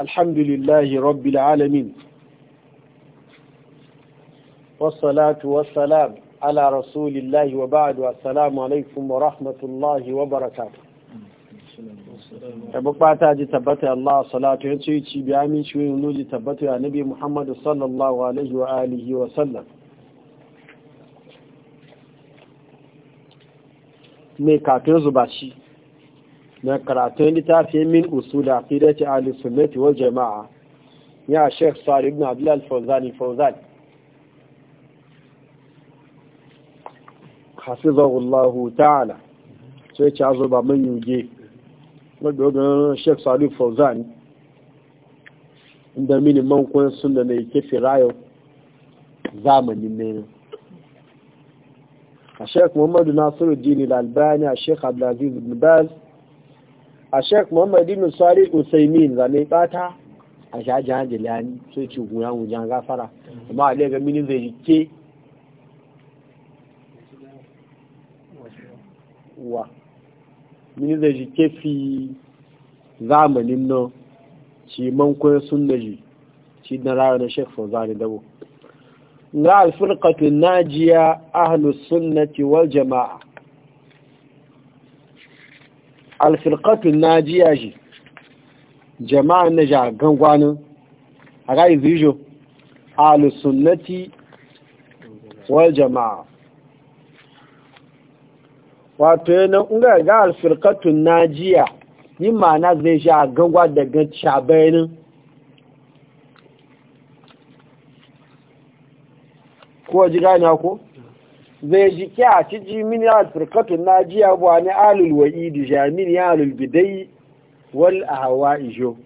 الحمد لله رب العالمين والصلاة والسلام على رسول الله وبعد والسلام عليكم ورحمة الله وبركاته tabbata ji tabbata Allah salatu ya ce ci bi amin shi wani nuji tabbata ya nabi Muhammadu sallallahu alaihi na karatun littafi min usula fi da ce alisunati wa jama'a ya sheik sari ibn abdullal fauzani fauzani hasizahullahu ta'ala sai ce azu ba mun yuge gbogbogbon sheik sari fauzani inda mini mankwai sun da mai kefi rayon zamanin mai a sheik muhammadu nasiru jini lalbani a sheik abdullaziz ibn baz a sheik muhammadu musari usaimin zane bata a shaji hajjilani sai ci guya wujan gafara amma a lega mini zai rike wa mini zai rike fi zamanin nan ci man sun da ji ci na rayu na sheik fauzani dabo na alfirkatun najiya ahlus sunnati wal jama'a alfilkatun na jiya shi jama'an na jagan gwanin a ga izijo alusunnati wal jama'a wato yana unga ga alfilkatun na jiya yin ma'ana zai sha gangwa daga shabainin ko ji gani ko? zai ji ki a ci ji mini na ji abuwa ni alul wa'idi jamin ya alul wal a hawa ijo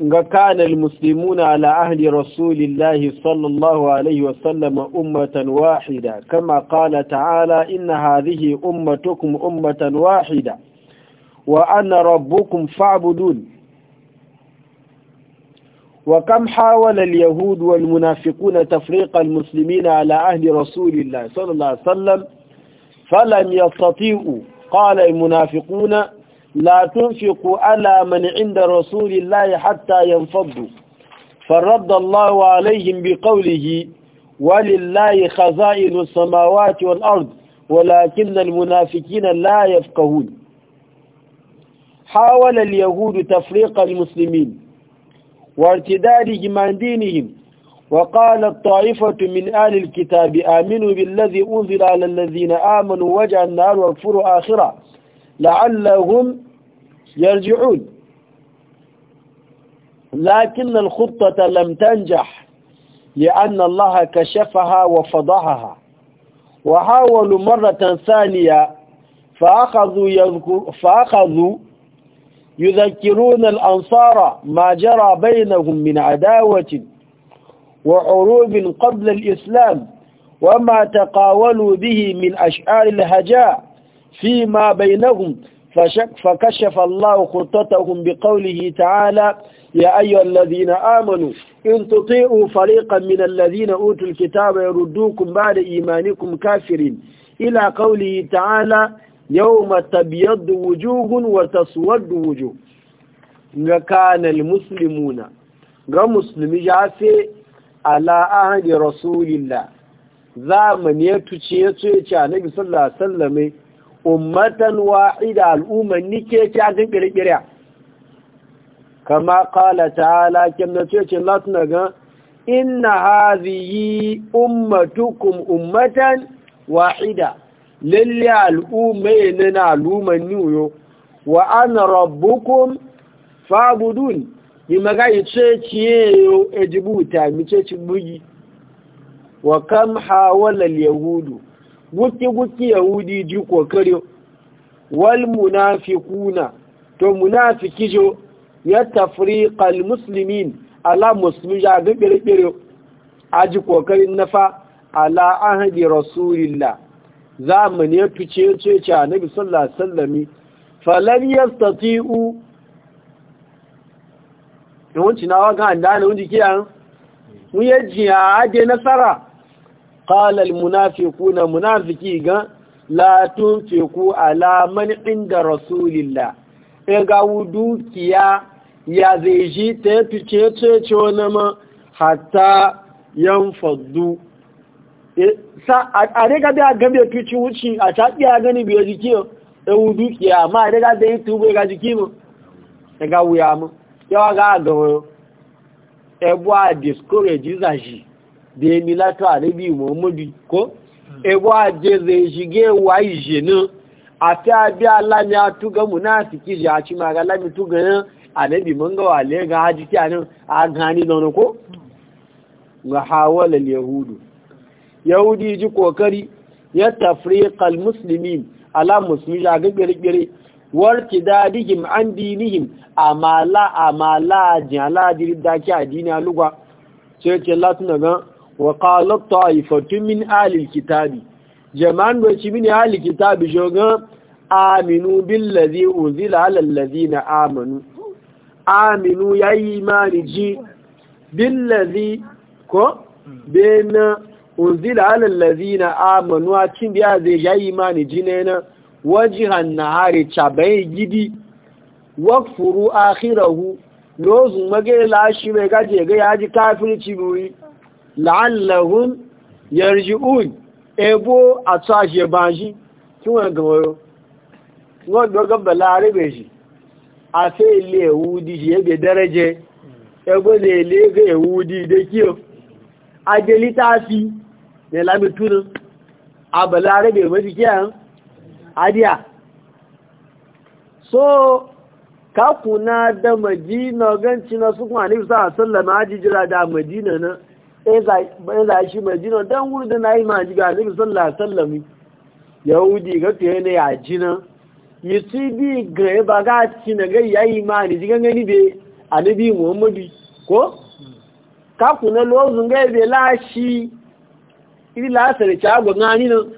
ga kanal muslimuna ala ahli rasulillahi sallallahu alaihi wasallam ummatan wahida kama kala ta'ala inna harihi ummatukum ummatan wahida wa ana rabbukum fa'budun وكم حاول اليهود والمنافقون تفريق المسلمين على أهل رسول الله صلى الله عليه وسلم فلم يستطيعوا قال المنافقون لا تنفقوا على من عند رسول الله حتى ينفضوا فرد الله عليهم بقوله ولله خزائن السماوات والأرض ولكن المنافقين لا يفقهون حاول اليهود تفريق المسلمين وارتدادهم عن دينهم وقال الطائفة من آل الكتاب آمنوا بالذي أنزل على الذين آمنوا وجع النار واكفروا آخرة لعلهم يرجعون لكن الخطة لم تنجح لأن الله كشفها وفضحها وحاولوا مرة ثانية فأخذوا, يذكر فأخذوا يذكرون الأنصار ما جرى بينهم من عداوة وحروب قبل الإسلام وما تقاولوا به من أشعار الهجاء فيما بينهم فكشف الله خطتهم بقوله تعالى يا أيها الذين آمنوا إن تطيعوا فريقا من الذين أوتوا الكتاب يردوكم بعد إيمانكم كافرين إلى قوله تعالى yawma tabyaddu wujuhun wa taswaddu wujuh ga kanal muslimuna ga musulmi ya fi ala ahadi rasulillah zamani ya tuce ya ce a annabi sallallahu alaihi wasallam ummatan wa'ida al'umman nike ta din kirkira kama kala ta'ala kin da ce ce latna ga inna yi ummatukum ummatan wa'ida lalle al'umma ne na al'umman uyo wa ana rabbukum fa'budun yi magayi ce ciye yo ejibuta mi ce ci bugi wa kam hawala yahudu guki guki yahudi ji kokari wal munafiquna to munafiki jo ya al muslimin ala muslimi ya ga bire aji kokarin nafa ala ahdi rasulillah zamani ya fice ce ce nabi sallallahu alaihi wasallami falan yastati'u yawanci na waka ga Allah ne kiyan yaji a ade nasara qala al munafiquna munafiki ga la tunfiqu ala man inda rasulillah e ga dukiya ya zai ji ta ce ce wani ma hatta yan faddu a daga da gabe tuci wuci a taɓi a gani biyar jiki da e wudu kiya ma a daga da yi tubo e ga jiki mu daga e wuya mu yawa ga gawo ebu a discourage zashi da ya milato a mu muhammadu ko ebu a je zai shige wa ishe nan a ta bi alami a tuga munafiki ji a ci mara alami tuga nan a rabi mun gawa lega ga kyanin a gani nono ko ga hawalar yahudu yahudi ji kokari ya tafriqal muslimin ala musulmi a gaggare warki dadihim an dinihim amala amala jala diridaki adini alugwa sai ce latin daga wa yi ta'ifatun min ahli alkitabi jama'an da ci min ahli alkitabi shoga aminu billazi unzila ala allazina amanu aminu yayi mariji ji billazi ko bena unzila alal lazina amanu a cin biya zai yayi imani jine na wajihan nahari cabai gidi wakfuru akhirahu lozun mage lashi mai gaje ga yaji kafirci buri la'allahum yarji'un ebo a tsashe bashi kin wani gawayo wọ́n gbọ́gbọ́ bẹ̀lá arẹ́bẹ̀ shi a sai ilé ẹ̀wú dìjì ẹgbẹ̀ dẹ́rẹ́jẹ ẹgbẹ́ ilé ẹgbẹ̀ ẹ̀wú dìjì da kí adeli tafi ne lami tunin a balarabe mafi kiyan adiya so kakuna da majina ganci na su kuma nufi sa sallama ajijira da majina na ɗaya shi majina don wuri da na yi majiga nufi sallama sallami yahudi ga fiye ne ya jina yi su bi ga ba ga ci na gai ya yi ma ni jigan gani be a muhammadu ko kaku na lozun ga ebe lashi iri lasar ci agwa gani nan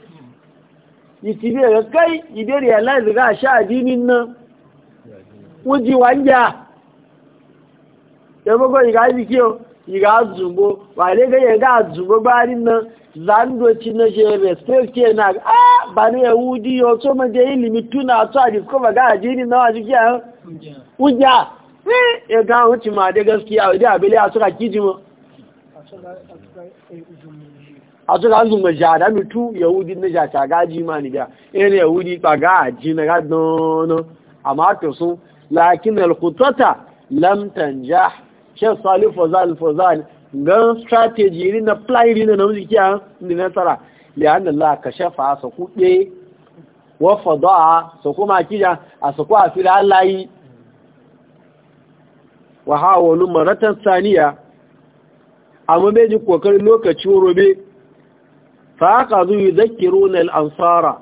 yiti bi ga kai ide realize ga sha adinin nan wuji wanja yabo go iga bi kiyo iga zumbo wale ga yaga zumbo barin nan zando ci na je respect ke na ah ba ne yahudi yo to eh, ma je ilimi tuna to a discover ga adinin na waji kiya wuja eh ga wuci ma da gaskiya da abele a suka kijima àtúnkà zùmọ̀ jà àdámi tú yahudi ní jà ṣàgájì máa nìjà ẹni yahudi pàgá àjí náà dánná àmà àtọ̀sún láàkín alkutọ́ta lamtanja ṣe sọ́lé fọ́zán fọ́zán gan strategy rí na fly rí na namzi kí a nasara lẹ́yìn da láàkà ṣẹfà a sọkú pé wọ́n fọ́dọ́ máa kíjà a àfihàn láyé wàhálà saniya amma bai ji kokarin lokaci robe fa aka zo yi zakiru na al'ansara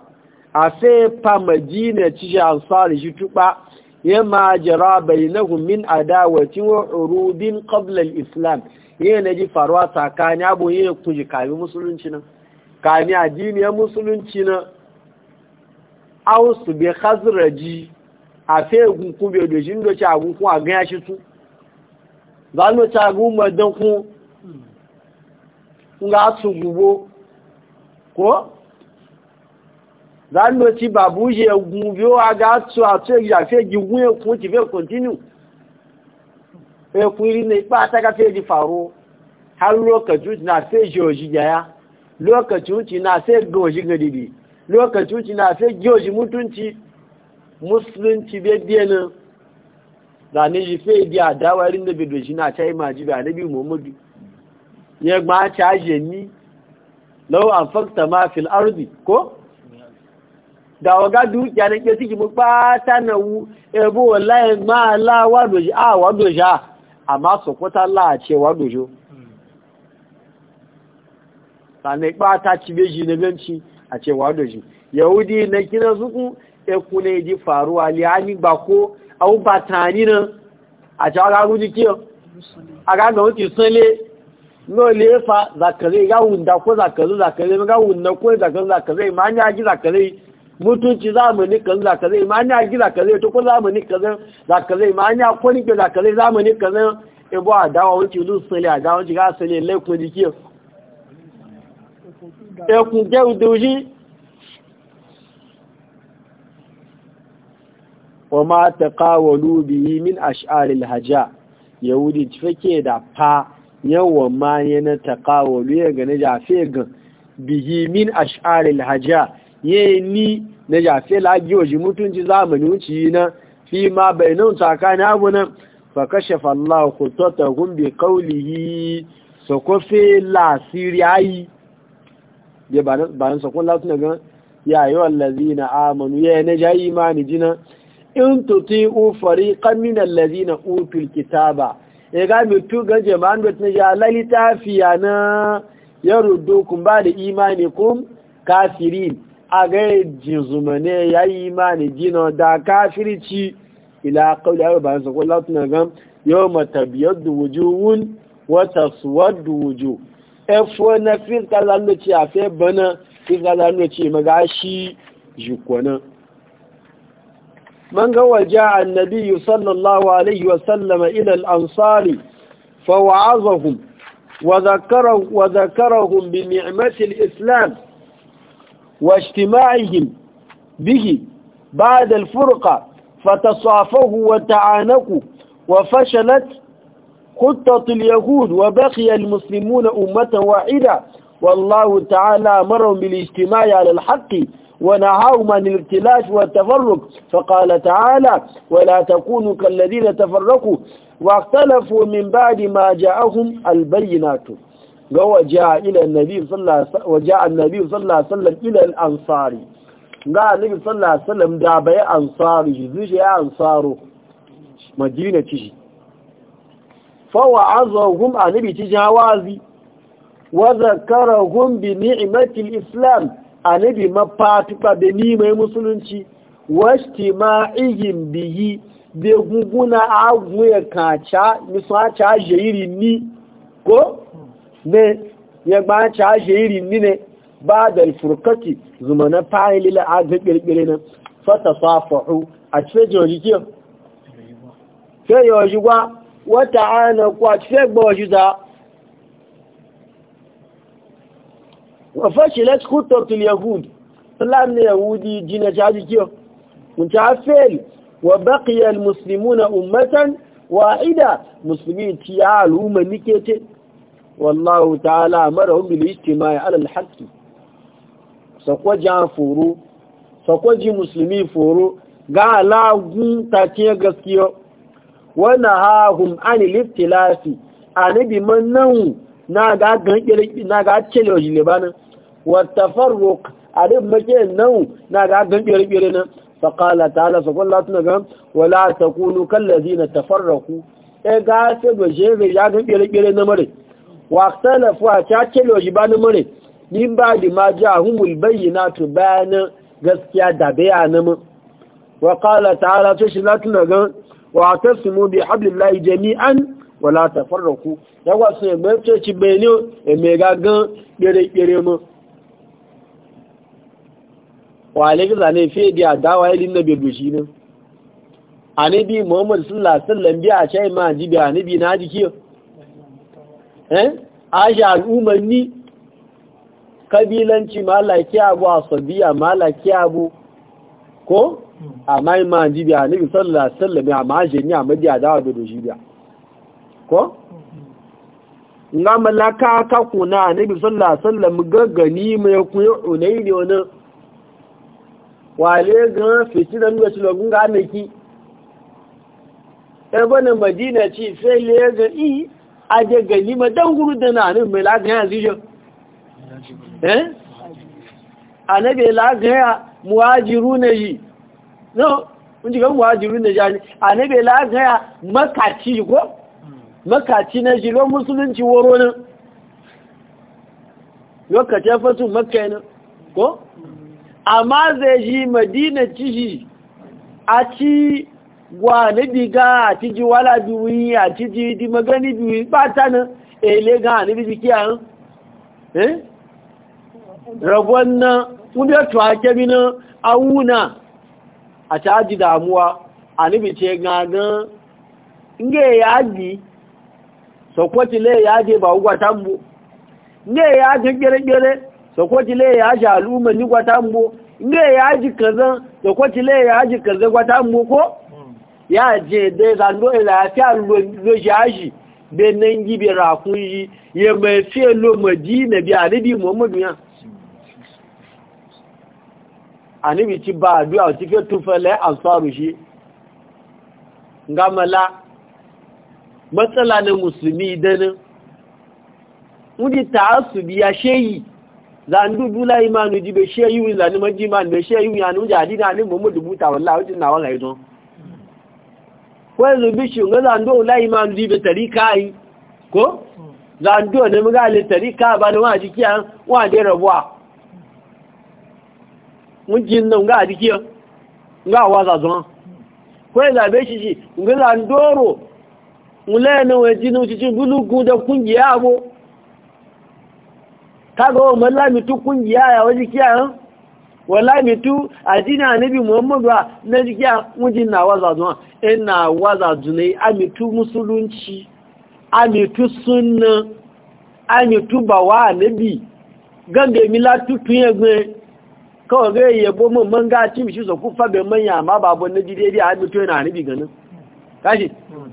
a sai famaji na ci shi ansari shi tuba ya ma jira bai na wa adawacin rubin ƙablar islam yi na ji faruwa tsakani abu yi kuji kami musulunci nan kami ya musulunci nan ausu bai haziraji a fai gunkun bai dojin doce a gunku a ganya shi su za mu ta gumar don nga su gubo ko zanu ci babu je gubo a ga su a ce ya fe gigun e kun ti fe continue e kun ri ne pa ta ka fe di faro har lokacin na fe joji ya lokacin na fe goji gadidi lokacin na fe goji mutunci musulunci bai biyanin da ne ji fe di adawarin da bai doshi na ta yi maji ba na biyu muhammadu ya gba caje ni lau an fakta ma fil arzi ko? da waga dukiya na ke ciki bukata na wu ebo wallahi ma la wadoji a wadoji a amma sokwata la a ce wadojo sannan ipata cibeji na ganci a ce wadoji yahudi na kina suku eku na yi idi faruwa liyani ba ko abubatani nan a ce agagun jikin agagun wuce sanle no lefa zakare ga wunda ko zakare zakare ga wunda ko zakare zakare ma nya ji zakare mutunci zamani kan zakare ma nya ji zakare to ko zamani kan zakare ma nya ko ni ke zakare zamani kan ibo e adawa wuce lu sele adawa ji ga sele le ko dike e ku je uduji wa ma taqawalu bihi min ash'ar al-haja yahudi tfake da fa yawan ma yana taƙawalu ya ga na jafe ga bihi min ash'aril hajja ye ni na jafe lagi mutunci zamani wuce na fi ma bai nan tsakanin abu nan fa kashe fallahu kutata gumbi kaulihi so sokofe lasiri ayi ya ba nan sakon latuna gan ya yi wallazi na amanu ya na ja imani jina in tuti u fariƙan min allazi na utul kitaba ya ga mutu ga jama'an da tun ya lalita fiya na ya rudu kun ba da imani kun kafirin a ga zumane ya yi imani jino da kafirci ila kawai ya rubayen sakon latin gan yau matabiyar da wujuhun wata suwar da wuju efo na fiskar laluci a fe bana fiskar laluci magashi jikwanan من هو جاء النبي صلى الله عليه وسلم إلى الأنصار فوعظهم وذكرهم, وذكرهم بنعمة الإسلام واجتماعهم به بعد الفرقة فتصافه وتعانقوا وفشلت خطة اليهود وبقي المسلمون أمة واحدة والله تعالى أمرهم بالاجتماع على الحق ونهاهم عن الابتلاش والتفرق فقال تعالى ولا تكونوا كالذين تفرقوا واختلفوا من بعد ما جاءهم البينات وجاء إلى النبي صلى الله وجاء النبي صلى الله عليه وسلم إلى الأنصار قال النبي صلى الله عليه وسلم دابي أنصاري زوجي أنصاره مدينة تجي فوعظهم النبي تجاوازي وذكرهم بنعمة الإسلام anabi mafatuka da nimai musulunci washti ma'igin biyi da guguna agwuya kaca nisa caje iri ni ko ne ya gba caje iri ni ne ba da furkati zuma na fahilila a ga na nan fata safahu a cife jiwaji kiyo sai yawaji gwa wata ana kwa cife gbawa waji wafashe let's go yahud plan ne yahudi jina jaji kiyo unta fail wa baqiya al muslimuna ummatan wahida muslimin ti aluma nikete wallahu ta'ala amara hum bil istima'i ala al haqq sakwa jafuru sakwa ji furu ga lagu ta gaskiyo wa nahahum an al ibtilasi anabi mannahu na ga gankere na ga cele oji ne bana wa tafarruq adin make nan na ga gankere kire nan fa qala ta'ala fa qul la tunaga wa la takunu kal ladina tafarraqu e ga se go je re ya gankere kire na mare wa ikhtalafu a cha cele oji bana mare din ba di ma humul bayyinatu bana gaskiya da bayanan wa qala ta'ala fa shi la tunaga wa tasmu bi hablillahi jami'an wala ta tafarraku ya wasu eme ceci beni eme gagan kere-kere mu wale gaza ne fiye da dawa ilin na bebushi ne anibi muhammadu sallallahu sallam biya a shai ma ji biya anibi na ji kiyo eh aja al'umanni kabilanci malaki abu asabiya malaki abu ko hmm. amma ma ji biya anibi sallallahu sallam ya ma je ni a madiya dawa da doshi biya ko nga malaka ka kuna annabi sallallahu alaihi wasallam gagani mai kuyi ne wani wale ga fiti da shi lagun ga meki ebonin madina ci sai le ga i a je gani ma dan guru da na annabi mai lagan ya zijo eh annabi lagan ya muhajiru ne yi no mun ji ga muhajiru ne ja annabi lagan ya makaci ko makaci na shi don musulunci woro nan lokacin fasu makai nan ko? amma zai shi madina ci shi a ci wa na diga a ci ji wala biyu a ci ji di magani ba ta nan ele ga a nibi jiki a eh? rabon nan e? ya tuwa bi nan awuna a caji damuwa a nibi ce gagan inge ya yi sokoci le ya je ba gwatambo ne ya ji gere-gere sokoci le ya ji al'umma ni gwatambo ne ya ji kaza sokoci le ya ji kaza gwatambo ko hmm. ya je de zando ilafiya e lo jaji benin gibi rakun yi ya mai fiye lo madina bi alibi muhammadu ya bi ci ba adu'a cikin tufale ansaru shi ngamala. matsala na musulmi dana wudi ta'assubi ya sheyi zan dubu la imanu ji be sheyi wi zan maji man be sheyi wi anu jadi na ni mu dubuta wallahi wajin na wallahi don wai zubi shi ga zan do la imanu ji be tarika yi ko zan do ne mu ga le tarika ba ne wa jikiya wa de rabuwa mun jin nan ga jikiya ga wa za zon wai zabe shi shi ga zan doro wula na waje na wuce gulugu da kungiya abu kaga wa malamitu kungiya ya waje a eh? walamitu adina nabi muhammadu a na jikiya wajen na waza zuwa ina eh, waza zunai amitu musulunci amitu sunna amitu bawa nabi ganga mila tutun yagbe kawai ga yabo mun manga cimishi su kufa ga manya ma babu na jidai a amitu yana nabi ganin kashi hmm.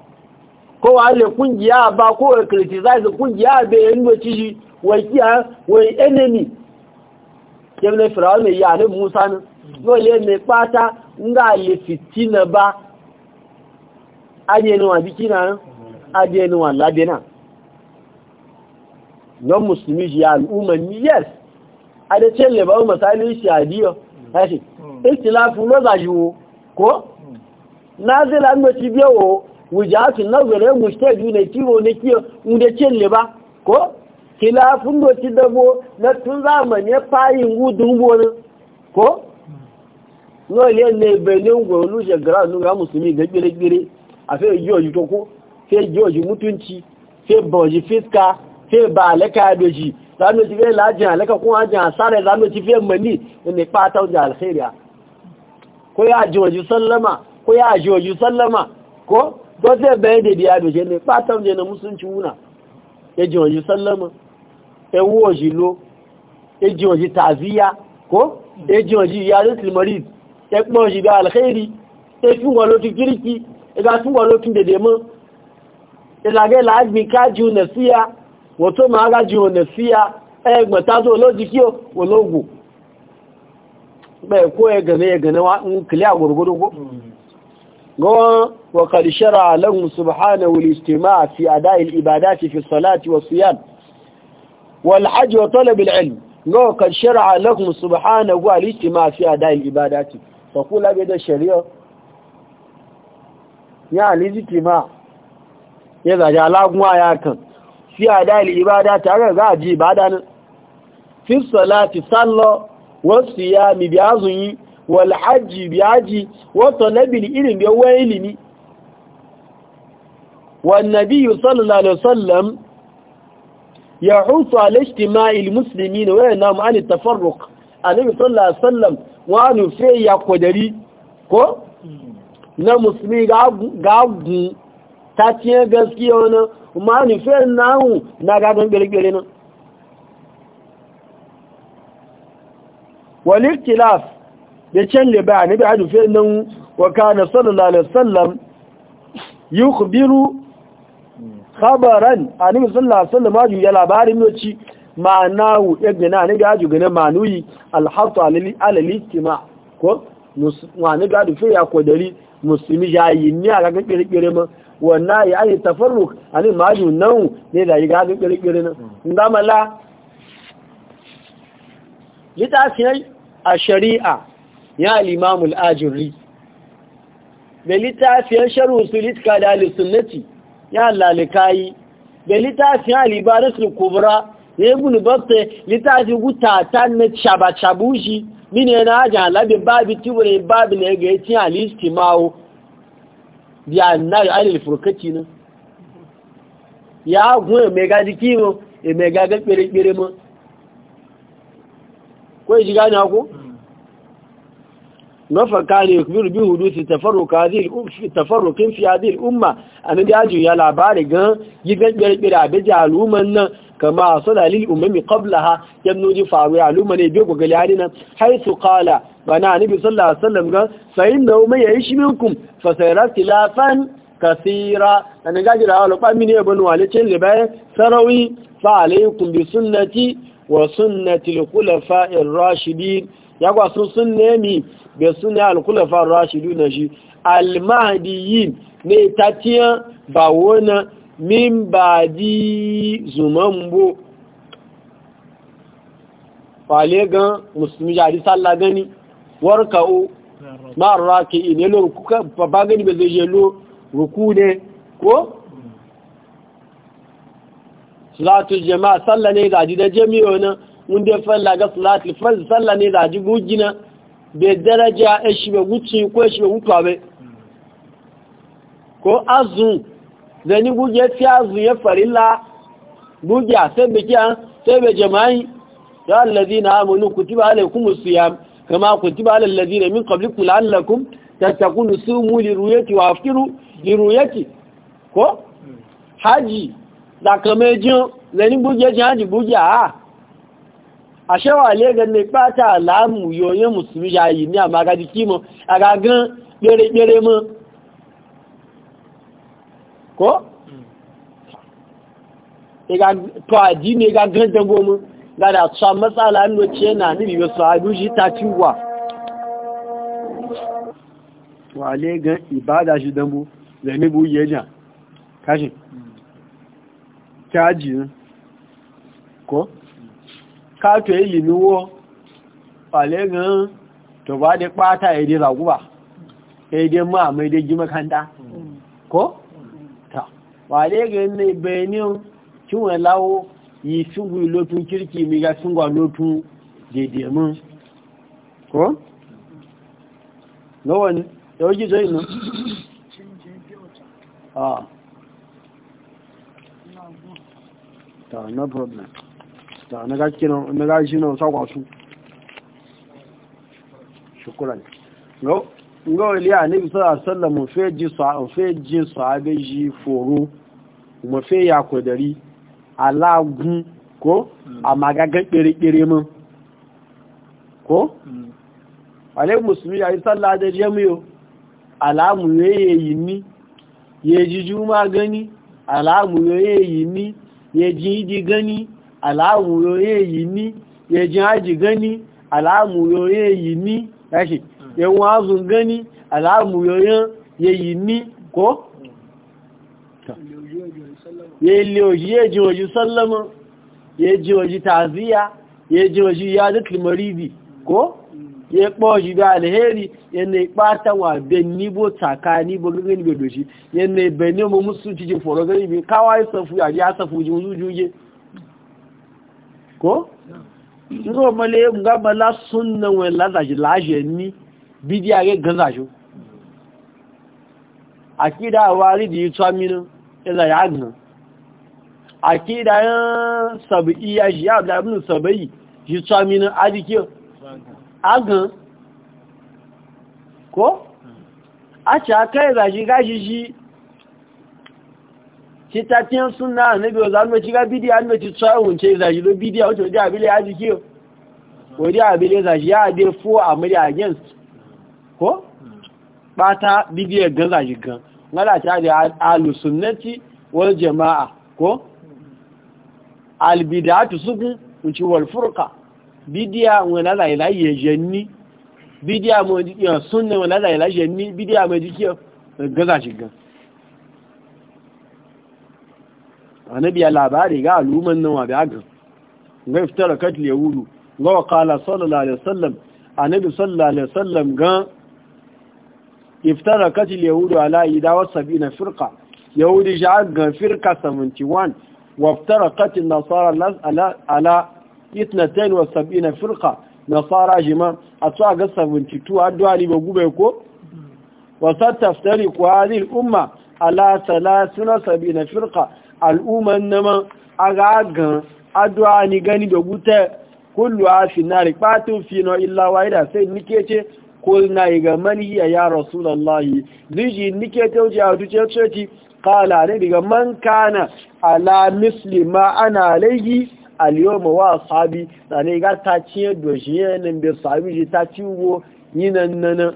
ko wale kungiya ba ko criticize kungiya be yando ci wai kiya wai enemy kemle firawo ne ya ne musa ne no le ne pata nga le fitina ba aje no abikina aje no ladena non muslimi ji al'umma ni yes ade chelle ba umma masali shi adiyo hashi hmm. ikhtilafu no zajiwo ko hmm. nazila no ci biyo wujahatun nazare mujtahid ne kiwo ne kiyo unde celle ba ko khilafun do ci dabo na tun zamane fayin gudun bonin ko no ne benin go lu je musulmi ga gire gire a fe mutunci fiska ba doji lajin alaka ajin mani ne pa ta ko ya ji sallama ko ya sallama ko ba zai bayan da biya doje ne fatan da na musulunci wuna ya ji waje sallama ya wuwa waje lo ya ji waje taziya ko ya ji waje yarin silmarid ya siya ma ji siya kó ẹgbẹ̀rẹ̀ ẹgbẹ̀rẹ̀ wá ń kìlẹ̀ وقد شرع لهم سبحانه الاجتماع في أداء الإبادات في الصلاة والصيام والحج وطلب العلم وقد شرع لكم سبحانه الاجتماع في أداء الإبادات فقول أبدا الشريع يعني الاجتماع إذا جاء لكم آياكم في أداء الإبادات أغا أجيب هذا في الصلاة صلى والصيام بأظن والحج بأجي وطلب العلم بأول علمي والنبي صلى الله عليه وسلم يحوث على اجتماع المسلمين وينام عن التفرق النبي صلى الله عليه وسلم وانو في يقدري كو na musulmi gagun ta ciye gaskiya wani manufiyar nahu na gagun birgiri nan waliktilaf da can liba ni da hadufiyar nan wa sallallahu alaihi wasallam biru. khabaran annabi sallallahu alaihi wasallam aju ya labarin yoci ma'anahu ibn annabi aju gane manuyi alhatu alali, ko wani gaju fe ya kodari musulmi yayi ni a ga kirkire ma wannan ya yi tafarruk annabi maju nan ne da yi ga kirkire nan ngamala litasiyar a shari'a ya limamul ajirri da littafiyar sharusu litka da alisunnati ya lalikayi da littafin alibarisul kubra ya yi gulubabta littafin gutata na caba-cabu shi mini na ajin halabin babi tibirin babi na ga yacin halisti mawo ya na yi alil furkaci nan ya gun emega jiki mo emega ga kpere-kpere mo ko yi ji gani ako? نفر كان به حدوث تفرق هذه تفرق في هذه الأمة أنا دي يا لاباري غان يغن بيربير أبجي علومنا كما صلى للأمم قبلها يبنو دي فاوي يبقى يبيو غلياننا حيث قال وانا نبي صلى الله عليه وسلم قال فإنه ما يعيش منكم فسيرى اختلافا كثيرا أنا قاعد أقول لك من يبن والتين لباية سروي فعليكم بسنتي وسنة الخلفاء الراشدين ya kwasu sun nemi da suna alkulafar rashidu na shi almahadiyin ne ta tiya ba wani min ba di zuman zumambo fale gan musulmi jari salla gani warka'o ma'ar ke ine lo rukuka babba gani ba zai je lo ruku ne ko? salatu jama'a salla ne da jami'a wani dai falla ga salati farz salla ne da jigu gina be daraja e shi be guci ko shi be gutuwa be ko azu zani je ti azu ya farilla a, sai be kiya sai be jama'i ya allazina amanu kutiba alaykumus siyam kama kutiba alal ladina min qablikum la'allakum tattaqunu sumu li ruyati wa afkiru li ruyati ko haji da kamejin zani guje haji guje a àṣẹ́wà lẹ́gẹ̀ ní pátá àlàámù yóò musulmi ya yìí ní àmà kí mọ́ agagán pérépéré mọ́ kó tó àjí ní agagán jẹgbó mọ́ gada tó àmọ́sàlá ní oṣù ẹ̀nà níbi ìwẹ̀sọ̀ àgbúṣí tàbí wà wà lẹ́gẹ̀ káàtò ìlìmí wó pàlẹ́ gan tó bá dé pátá èdè ràgúbà èdè mọ́ àmọ́ èdè jí makanta kó ta pàlẹ́ gan ní benin wọ́n láwó yìí ṣúgbù lótún kírkì mìíga ṣúgbà lótún dèdè mọ́ kó lọ́wọ́ yóò jí ah. no problem. ta na gashi kenan na gashi nan sa kwasu shukran no ngo ile anabi sallallahu alaihi wasallam fe ji sa fe ji sahabe ji foro mo fe ya kodari alagun ko mm. amagagan kere-kere mun ko mm. alai musulmi ya yi sallah da jami'o alamu ya yi ni ya ji juma gani alamu ya yi ni ya ji idi gani aláwùrò èyí ní yẹjìn ya gan ní aláwùrò èyí ní ẹ̀ṣì ẹ̀wọ̀n azùn gan ní aláwùrò èyí ní kó yẹlẹ̀ òjì yẹjìn òjì sọ́lọ́mọ́ yẹjìn òjì tàzíyà yẹjìn òjì yadukli maridi kó ya ɓoji da alheri yana ɓata wa ben nibo tsakani bo gani bai doshi yana bai nemo musu cikin foro gani bi kawai safu ya safu ji jin zujuge ko ngo male nga mala sunna we la da ji la je ni bidiya ge gaza ju akida wali di tsamino ila e ya gna akida sabi ya ji ya da ibn sabi ji tsamino adike agan ko a ci aka yi e gashi gashi shi citaccen suna annabi wa zanu ci ga bidiya annabi ci tsawon ce zaji do bidiya wato da abile ya ji kiyo wadi abile zaji ya de fo amri against ko bata bidiya ga zaji gan ngala ta da ahlus sunnati wal jamaa ko al bid'atu subu unci wal furqa bidiya wala la ni illa bidiya mo sunna wala la ilaha illa bidiya mo ga zaji gan annabi labari ga aluman nan wa biya ga iftara katil wudu ga wa qala sallallahu alaihi wasallam annabi sallallahu alaihi wasallam ga iftara katil wudu ala ida wa sabina firqa yahudi ja ga firqa 71 wa iftara katil nasara ala ala 72 firqa nasara jima a ga 72 addu'a ne ba gube ko wasattaftari ku hadhihi al-umma ala 73 firqa al'umman naman agagan adu'a ni gani da guta kullu a finari fi na illawa da sai nike ce na iga mani ya rasulallahi ziji nike ta wuce a duce ceci kala ne daga man kana ala muslima ana laihi aliyoma wa sabi ne ga ta ciye doshi yanin bai sabi ji ta ciwo yinan nan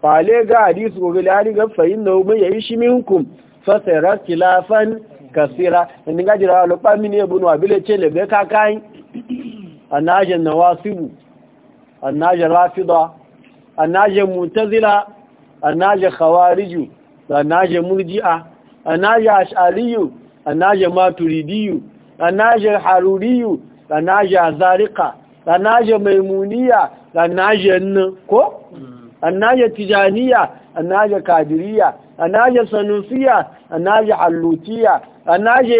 fale ga hadisu gogali hari ga fahimta ya yi shi minkum fasara kilafan kasira inda gaji rawa mini ce lebe kakai annajin nawasibu annajin rafida annajin mutazila annajin khawariju murji'a annajin ash'ariyu annajin maturidiyu annajin haruriyu annajin zarika annajin maimuniya annajin ko annaja tijaniya annaja kadiriya annaja sanusiya annaja allutiya annaja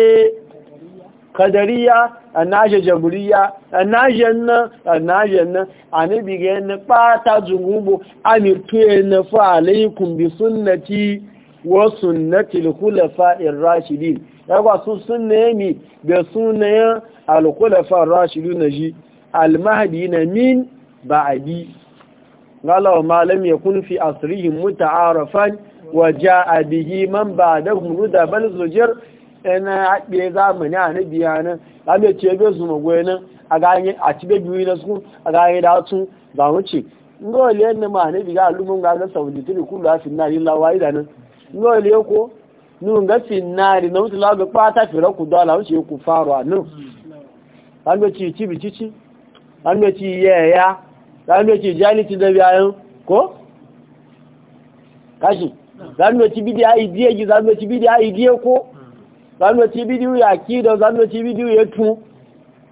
kadariya annaja jaburiya annaja nan annaja nan anabi ga yana bata zungubo amirtu yana fa alaikum bi sunnati wa sunnati al-khulafa'ir rashidin yawa su sunne mi da sunayen al-khulafa'ir na ji al na min bi. galawa malam ya kun fi asirihim muta'arafan wa ja'a bihi man ba da ba'dahum da ban zujir ina haɗe zamani a na biya nan a mai ce bai su magoyi nan a ganye a ci bai biyu na su a ganye da su za mu ce ngole yan ma ne biga alumun ga ga saudi tiri kullu a finna lillahi wa idan ngole ko nun ga finna ri na mutu la ga pata fira ku da la wuce ku faru a nan an ga ci ci bi ci ci an ga ci yaya kanu ce ci da biyayen ko kashi zanu ci bidiya idiye gi zanu ci bidiya idiye ko zanu ci bidiyo ya ki da zanu ci bidiyo ya tu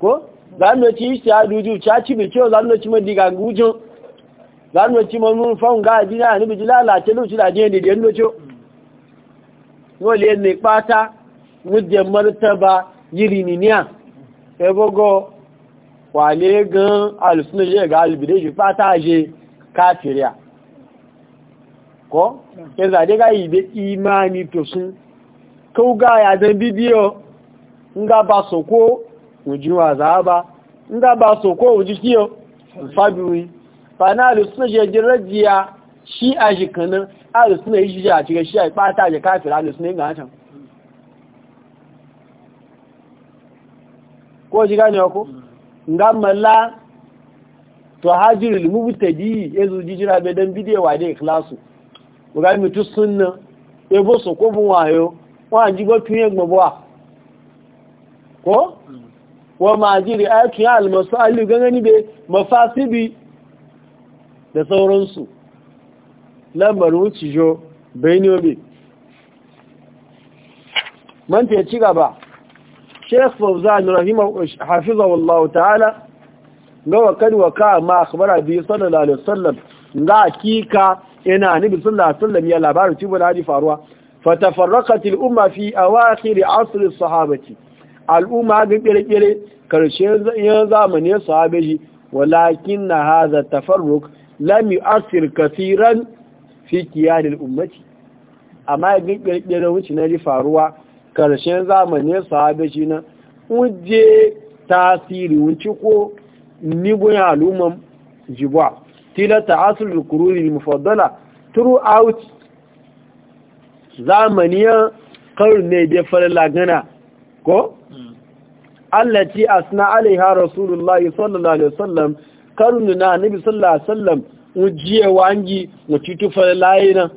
ko zanu ci shi aduju cha ci bi cho zanu ci madiga gujo zanu ci mun fon ga dina ni bi lalace lu ci da je de den locho no le ne pata mujje martaba yiri ni niya ebogo wale gan alusuna je ga albide shi fata je kafiriya ko yanzu a daga yi da imani to sun kauga ya zan bidiyo nga ba soko ujiwa zaba nga ba soko uji kiyo fabiwi fana alusuna je jirajiya shi a shi kanan alusuna yi shi a cikin shi yi ko ngamala malla to hajirul mubtadi ezo jijira be dan wa da ikhlasu ga mi tu sunna e bo so ko wa yo wa ji go tun egbo wa ko mm. wa ma jiri aki al ganga ni be mafasibi da sauransu lambar wuci jo bayni obi man ci gaba Sheikh Fauzan rahimahu hafizahullahu ta'ala ga wa kad wa ka ma akhbara bi sallallahu alaihi wasallam ga hakika ina nabi sallallahu alaihi wasallam ya labarin tibul hadi faruwa fatafarraqat al umma fi awakhir asr as sahabati al umma ga kire-kire karshen zamanin sahabeji walakin hadha tafarruq lam yu'athir kaseeran fi qiyan al ummati amma ga kire-kire wuce na faruwa karshen zamanin sahabe shi na wuje tasiri wuce ko nibin al'umman jibuwa, tilata asirin kururi mufaddala throughout zamaniyar ne da fara lagana, ko? allaci asna alaiha rasulullah sallallahu alaihi wasallam ne na nabi sallallahu alaihi wasallam ujiye wangi na titufa layi na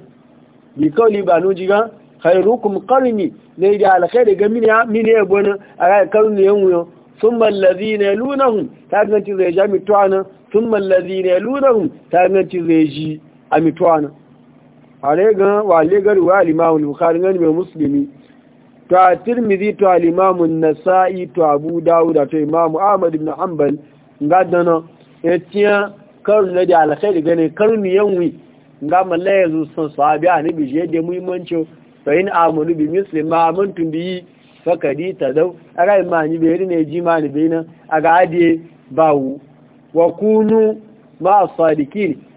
bi kawli ba nujiga khairukum qarni ne da alkhairi ga mini mini yabo ne a ga karni yan wuyo thumma alladhina yalunhum ta ganci zai jami tuwana thumma alladhina yalunhum ta ganci zai ji ami tuwana ale ga wale ga riwa al-imam al-bukhari ne mai muslimi to a tirmidhi to al-imam an-nasa'i to abu dawud to imam ahmad ibn hanbal ngadana etiya karni da alkhairi ga ne karni yan wi ga mallaya zu san sahabi annabi je da muhimmanci bayin amunu bi muslim ma amintun bi fakadi ta zau a ga imani bai ri ne ji ma ni bai nan a ga bawu wa kunu ma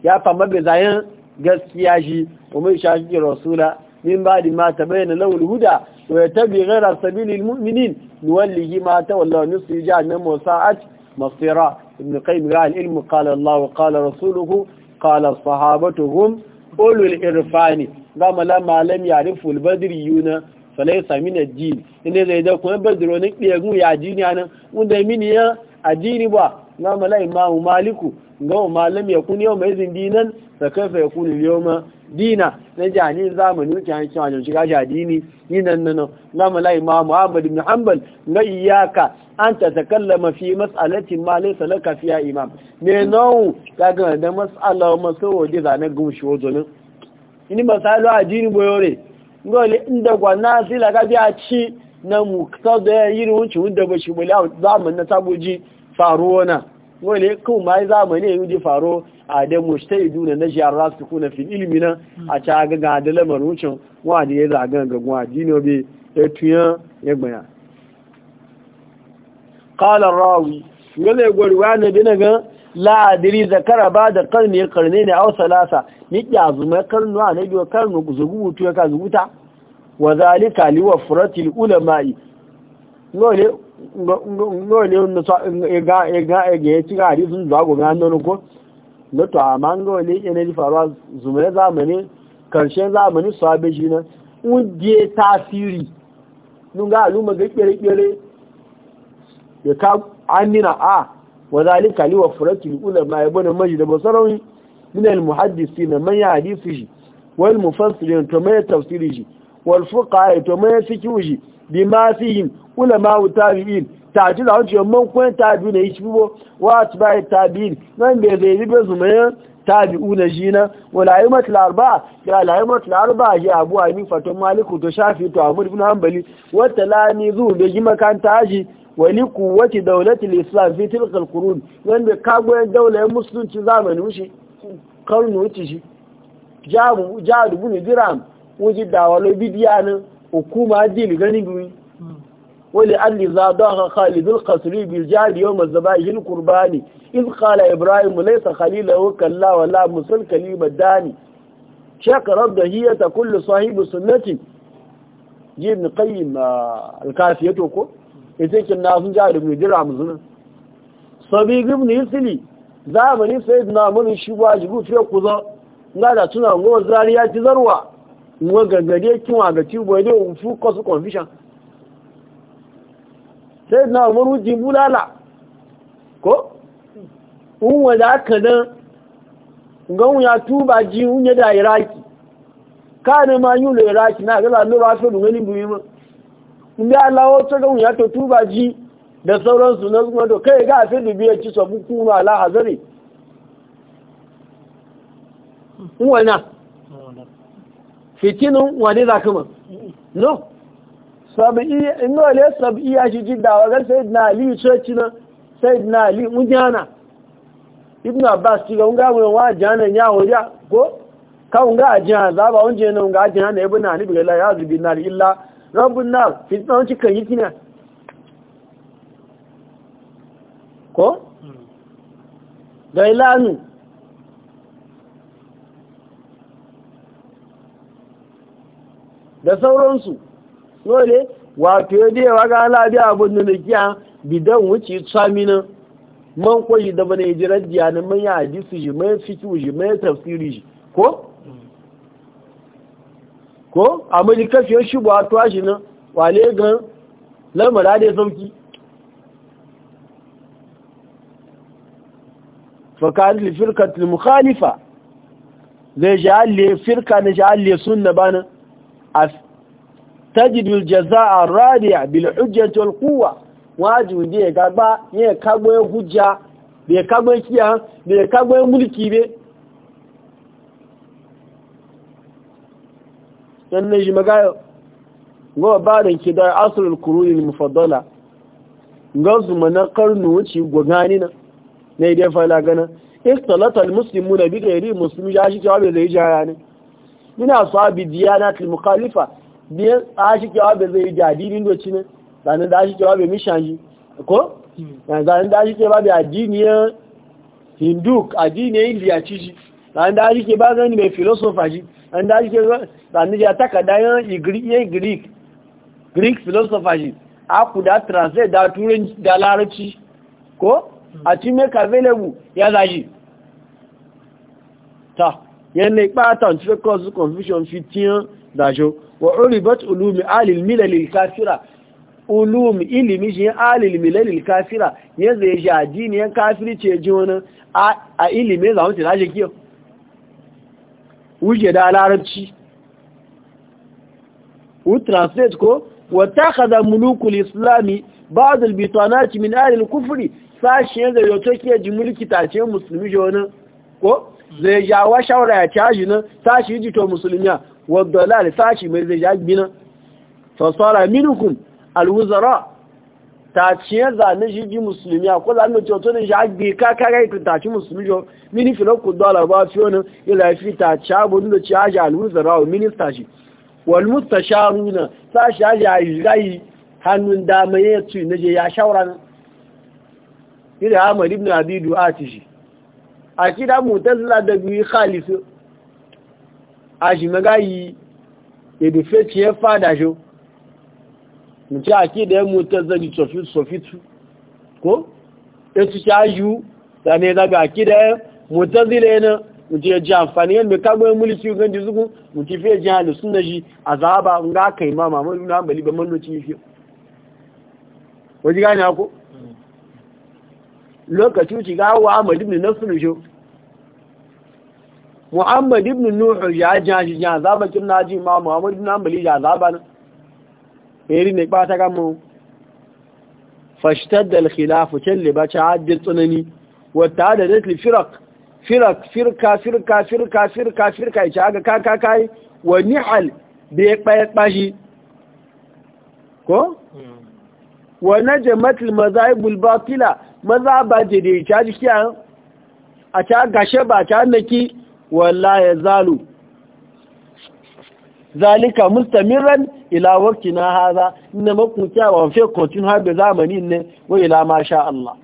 ya fama bai zayan gaskiya shi umar shafi rasula min ba di ma ta bayyana lawul huda wa ya tabi ghaira sabilil mu'minin nuwallihi ma ta wallahi nusu jahannam wa sa'at masira ibn qayyim ga al-ilm qala Allah wa qala rasuluhu qala sahabatuhum ulul irfani gama la malam yare ful badri yuna falai samina jin inda zai da kuma badro ne gun ya jini nan wanda mini ya ajini ba na la imamu maliku ga malam ya kun yau mai zindinan da kafa ya kun yau ma dina na jani zamani ki an wajen shiga dini ni nan nan na la imamu ahmad ibn hanbal na iyaka an ta takallama fi mas'alatin ma laysa laka fiya imam ne nau kaga da mas'ala masawo da zanen gumshi sa lo ajini boyore ngole inda gwana sila ka bi a ci na mu ta da yiri wuce wanda ba shi za mu na saboji faruwa na ngole ku mai zamani yayin ji faro a da idu na na ras ku na fil ilmi na a ta ga ga da lamar wucin wa da ya zaga ga gwa dino bi ya tuya ya gbaya qala rawi ngole gwarwa na dinaga la'adiri zakara ba da karni ya karne ne au salasa ya ƙyazu mai karnu a na biyu karnu zugubutu ya ka zuguta wa zalika liwa furatil ulama'i ngole ngole ga ga ga ya ci gari sun zuwa gobe hannun ko na to amma ngole ya nari faruwa zumai zamani karshen zamani su abin shi na ungiye tasiri nun ga aluma ga kere ya ka amina a wa zalika li wafratil ulama ya bane maji da basarawi min al muhaddisin man ya hadisi shi wal mufassirin to mai tafsiri shi wal fuqaha to mai fikihu shi bima fihim ulama tabi'in tààtìlà ọjọ́ mọ́ kwẹ́ tàbí na ìṣbíwó wà ti báyìí tàbí nan bai zai ribe zumayen tàbí una shi na wàláyé matila arba ya láyé matila arba ya abu a ní fatan maliku to shafi to amur bin hanbali wata lani zuwa bai yi makanta wani kuwaci daulatul islam fi tilkal qurun wanda kagoyen daulayen musulunci zamani wuce karnu wuce shi jabu jadu bunu diram wuji dawalo bidiya nan hukuma din gani biyu wali alli zadaha khalid al-qasri bil jadi yawm al zabahi al-qurbani iz qala ibrahim laysa khalilahu kalla wala musul kalima dani shakara da hiyata kullu sahibi sunnati ibn qayyim ah, al-kafiyatu ko ita kin na sun ja da mai jira musu sabi gibni isili zamani sai na mani shi ba jibu fiye kuzo nga da tuna ngo ya ci zarwa nwa gangare kin ga ci bai o fu kwasu su sai na mani wuce bulala ko un da aka nan gan ya tuba ji unye da iraki ne ma ulo iraki na ga nura fi ba dungani buyi mu ndị ala otu ga ya to tuba ji da sauransu na kuma to kai ga sai dubi ya ci sabu kunu ala hazari wana fitinin wani za kuma no sabi'i ino le sabi'i ya shi jidda wa ga sayyidina ali church na sayyidina ali mujana ibnu abbas ci ga unga wa jana nya ya ko ka unga ajana za ba unje na unga ajana ibnu ali bi la ya zubi na illa rabbin nas fitna cikin yi ko? da da sauransu dole wato ya dewa ga alabi abin da na kiya bidan wuce tsamina man kwayi da bane jirar jiyanin manya a hadisi shi mai fiki shi mai tafsiri shi ko? ko a maji kafiyar shi ba tuwa shi nan wale gan lamara da ya sauki fakar firkatul mukhalifa zai halle firka na sun na bana a tajidul jaza'a radiya bil hujjati kuwa quwwa waju ya gaba ne kagbo hujja ya kagbo da ya kagbo mulki be nan na shi magayo goma ba da ke da asirin kururin mufaddala gansu na karnu wuce gwagani na na idan fala gana istalatal musulmi na bida yari musulmi ya shi cewa bai zai jara ne ina su abi diyana til mukhalifa biyan a shi cewa bai zai jadirin doci ne zanen da shi cewa bai mishanji ko hmm. zanen da shi cewa bai addiniyar hindu addiniyar indiya ci shi zanen da shi ke ba gani mai filosofa shi an da ake zanen ya takada yan greek greek philosophy a ku translate da turanci da larabci ko hmm. a ti make ya zaji ta yana ipata n tufe cause confusion fi tiyan dajo wa oribat ulumi alil milalil kafira ulumi ilimi shi alil milalil kafira yanzu ya ji adini yan kafiri ce ji wani a ilimin zaunci na shi kiyo wuce da larabci wu translate ko wata kaza mulukul islami ba da min alil kufuri sashen da yato ke ji mulki tace musulmi jona ko zai wa shawara ya caji nan sashi yi jito musulmiya wadda lalata sashi mai zai ja nan sassara minukun alwuzara ta ciyar zane shi ji musulmi a kwaza mai cewa tunan shi agbe ka ita ta ci musulmi jo mini filon ku dola ba fi wani ila fi ta ci abu da ci aji alwuzara wa minista shi wal sha na sa shi aji a yi hannun dama ya ci na je ya shawara na ila hamad ibn abi du'ati shi a kida mutazila da biyu khalif a shi magayi ya dufe ciyar fada shi nci ake da ya mutu zai sofitu ko ya ci shayu da ne zaga ake da ya mutu zile na mutu ya ji amfani yadda mai kagbo mulki gan ji zugun mutu fiye ji hannu suna ji a zaba n ga aka yi ma mamman nuna bali ba mannoci fiye wajen gani ako lokacin ci ga wa amadu ne na sulusho muhammadu ibn nuhu ya ji hajji ya zaba kin na ji ma muhammad na ambali ya zaba nan eri ne bata gamu fashtadda al-khilaf ba ta haddin tsunani wata da datli firak firak firka firka firka firka firka ita ga kaka kai wa ni'al bi yakbashi ko wa najamat al-mazahib al-batila mazaba je da ita jikiya a ta gashe ba ta naki wallahi zalu zalika mustamiran ila wakti na haza ina makon kyawa fiye kontinu harbe zamani ne wa ila ma sha Allah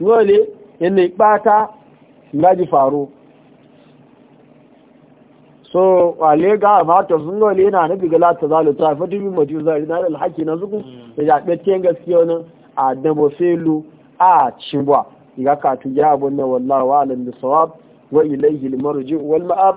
dole yana ipata ji faru so wale ga mata sun dole yana nufi ga lati zalu ta fati bi mutu zari na alhaki na zuku hmm. da jabe tiyan gaskiya wannan a dabo selu a cibwa. ga ka tuja abun nan wallahi wa alim bisawab wa ilayhi almarji wal ma'ab